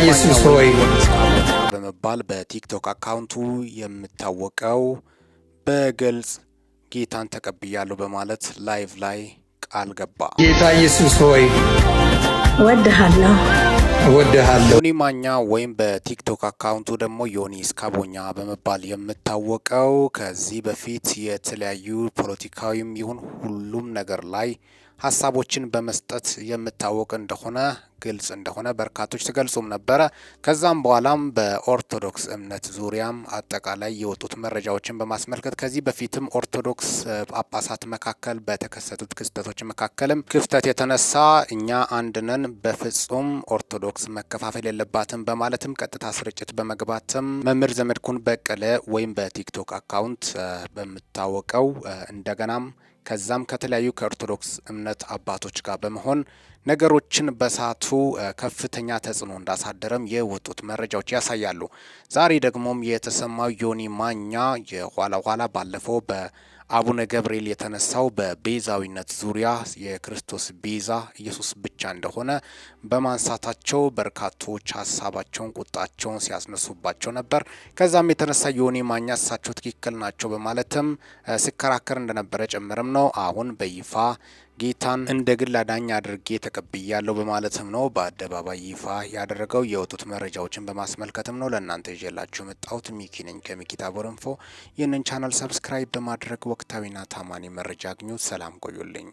ኢየሱስ ሆይ በመባል በቲክቶክ አካውንቱ የምታወቀው በግልጽ ጌታን ተቀብያለሁ በማለት ላይቭ ላይ ቃል ገባ። ጌታ ኢየሱስ ሆይ ወድሃለሁ እወድሃለሁ። ዮኒ ማኛ ወይም በቲክቶክ አካውንቱ ደግሞ ዮኒ ስካቦኛ በመባል የምታወቀው ከዚህ በፊት የተለያዩ ፖለቲካዊም ይሁን ሁሉም ነገር ላይ ሀሳቦችን በመስጠት የምታወቅ እንደሆነ ግልጽ እንደሆነ በርካቶች ሲገልጹም ነበረ። ከዛም በኋላም በኦርቶዶክስ እምነት ዙሪያም አጠቃላይ የወጡት መረጃዎችን በማስመልከት ከዚህ በፊትም ኦርቶዶክስ ጳጳሳት መካከል በተከሰቱት ክስተቶች መካከልም ክፍተት የተነሳ እኛ አንድነን በፍጹም ኦርቶዶክስ መከፋፈል የለባትም በማለትም ቀጥታ ስርጭት በመግባትም መምህር ዘመድኩን በቀለ ወይም በቲክቶክ አካውንት በምታወቀው እንደገናም ከዛም ከተለያዩ ከኦርቶዶክስ እምነት አባቶች ጋር በመሆን ነገሮችን በሳቱ ከፍተኛ ተጽዕኖ እንዳሳደረም የወጡት መረጃዎች ያሳያሉ። ዛሬ ደግሞም የተሰማው ዮኒ ማኛ የኋላ ኋላ ባለፈው በአቡነ ገብርኤል የተነሳው በቤዛዊነት ዙሪያ የክርስቶስ ቤዛ ኢየሱስ ብቻ እንደሆነ በማንሳታቸው በርካቶች ሀሳባቸውን፣ ቁጣቸውን ሲያስነሱባቸው ነበር። ከዛም የተነሳ ዮኒ ማኛ እሳቸው ትክክል ናቸው በማለትም ሲከራከር እንደነበረ ጭምርም ነው። አሁን በይፋ ጌታን እንደ ግል አዳኝ አድርጌ ተቀብያለሁ በማለትም ነው በአደባባይ ይፋ ያደረገው። የወጡት መረጃዎችን በማስመልከትም ነው ለእናንተ ይዤላችሁ መጣሁት። ሚኪ ነኝ ከሚኪታ ቦረንፎ። ይህንን ቻናል ሰብስክራይብ በማድረግ ወቅታዊና ታማኒ መረጃ አግኙ። ሰላም ቆዩልኝ።